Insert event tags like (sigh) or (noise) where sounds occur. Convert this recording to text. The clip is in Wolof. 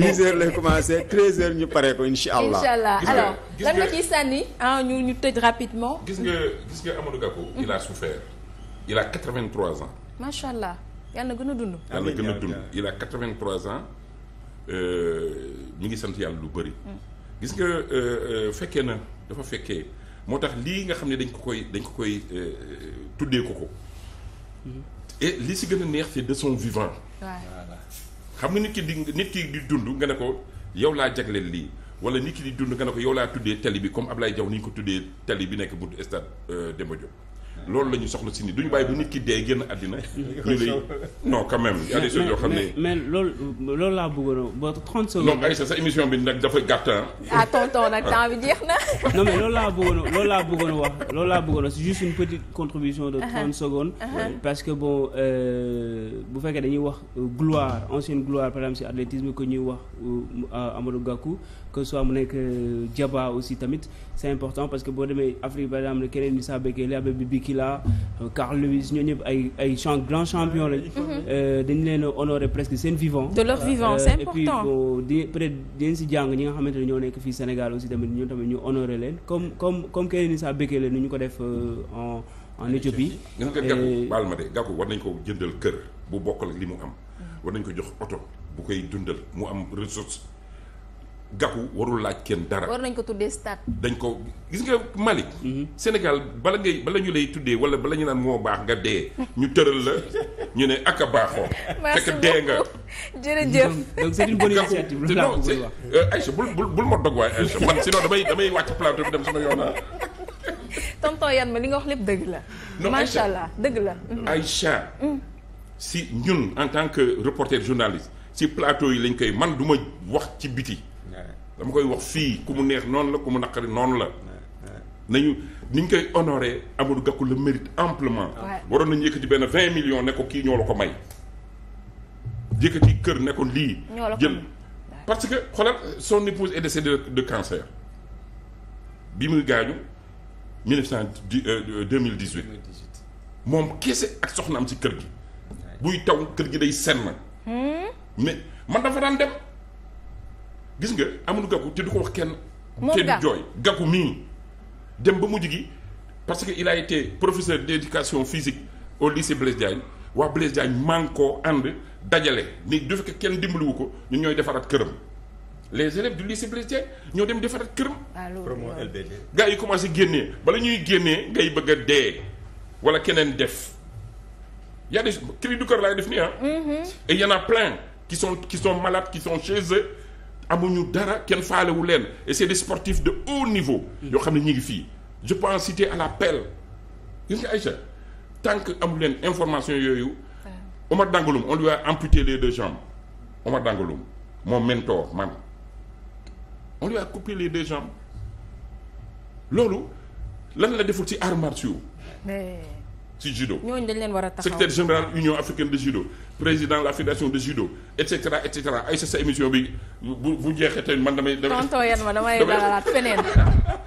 10 heures lay commencé 13 heures ñu paree ko incha allah. incha lan nga ciy sànni ah ñu ñu tëj rapidement. gis nga gis nga Amadou Gakou. il a souffert il a 83 ans. macha allah yàlla gën a dund. yàlla gën a dund il a 83 ans euh, ñu ngi sant yàlla lu bëri. gis nga euh, euh, fekkee na dafa fekkee moo tax lii nga xam ne dañ ko koy dañ ko koy tuddee ko ko. Mhm. et li si gën a neex si de son vivant. xam nga nit ki di nit ki di dund nga ne ko yow laa jagleel lii wala nit ki di dund nga ne ko yow laa tuddee tali bi comme Ablaye Diaw ni ñu ko tuddee tali bi nekk buntu stade euh, Demba Diop loolu la ñu soxla si ni duñu bàyyi bu nit ki dee génn àddina. (laughs) ñu a des choses yoo xam ne mais mais loolu laa bëggoon ba 30 secondes. donc Aïssa sa émission bi nag dafa gàtt ah tonton nag temps bi jeex na. (laughs) non loolu laa bëggoon loolu laa bëggoon wax loolu laa bëggoon c'est juste une petite contribution de 30 uh-huh. secondes. Uh-huh. parce que bon euh, bu fekkee dañuy wax euh, gloire ancienne gloire par exemple si athlétisme que ñuy wax euh, Amadou Gakou que mu nekk Diaba aussi tamit c'est important parce que boo demee Afrique par exemple keneen Moussa Bekele Kila Carl euh, Lewis ñoo ñëpp ay ay grands champions lañ. Mhm. Euh, dañ leen a honoré presque seen vivant. de leur vivant euh, c'est important et puis peut être dinañ si ñi nga xamante ne ñoo nekk fii Sénégal aussi tamit ñoo tamit ñu honoré leen comme comme keneen ni saa leen nu ñu ko def en en Éthiopie. nga xam gàkku baal ma de gàkku war nañ ko jëndal kër bu bokkal li mu am. Mhm. war nañ ko jox oto bu koy dundal mu am ressource. Gakou warul laaj kenn dara. war nañ ko tuddee stade. dañ ko gis nga mali mhm. Sénégal bala ngay bala ñu lay tuddee wala bala ñu naan moo baax nga dee. ñu tëral la ñu ne ak a baaxoo. (laughs) fekk nga. jërëjëf donc c'est une bonne initiative. non c'est euh, Aïcha bul bul bul ma dog waay Aïcha man sinon damay damay wàcc plateau bi dem ah. yan ma li nga wax lépp dëgg la. non macha allah dëgg la. Mhm. Aïcha. Mhm. si ñun en tant que reporter journaliste si plateau yi lañ koy man duma wax ci biti. dama koy wax fii ku mu neex noonu la ku mu naqari noonu la nañu ni ñu koy honoré Amadou Gakou le mérite amplement waroon nañu yëkkati benn vingt millions ne ko kii ñoo la ko may yëkkati kër ne ko lii jël parce que xoolal son épouse est décédée de cancer bi muy gaañu 2018 euh, euh, moom kese ak soxna am si kër gi buy taw kër gi day senn hmm? ma man dafa daan dem gis nga Amadou Gakou te du ko wax kenn. kenn jooy Gakou mii dem ba mujj gi parce que il a été professeur d'éducation physique au lycée Blaise Diagne waa Blaise Diagne man koo ànd dajale ni du fekkee kenn dimbaliwu ko ñu ñooy defaraat këram les élèves du lycée Blaise Diagne ñoo dem defaraat këram. Ah, promo LBD. yi commencé génnee bala ñuy génnee ngay bëgg a dee wala keneen def y a des cri du cœur laay def nii ah. Mm-hmm. et y en a plein qui sont qui sont malades qui sont chez amuñu dara kenn faalewu leen et c'est des sportifs de haut niveau. yoo xam ne ñu ngi fii je pense en citer à la pelle gis nga Aïcha tant que amu leen information yooyu. Omar Dangaloum on lui a amputé les deux jambes Omar Dangaloum mon mentor man on lui a coupé les deux jambes loolu lan la deful ci arts martiaux. ci judo. ñooñu dañ leen war a taxaw secrétaire général union africaine de judo président la fédération de judo et cetera ay sa émission bi bu bu jeexee tey man damay. damay tonton ma damay dalalaat feneen. (laughs)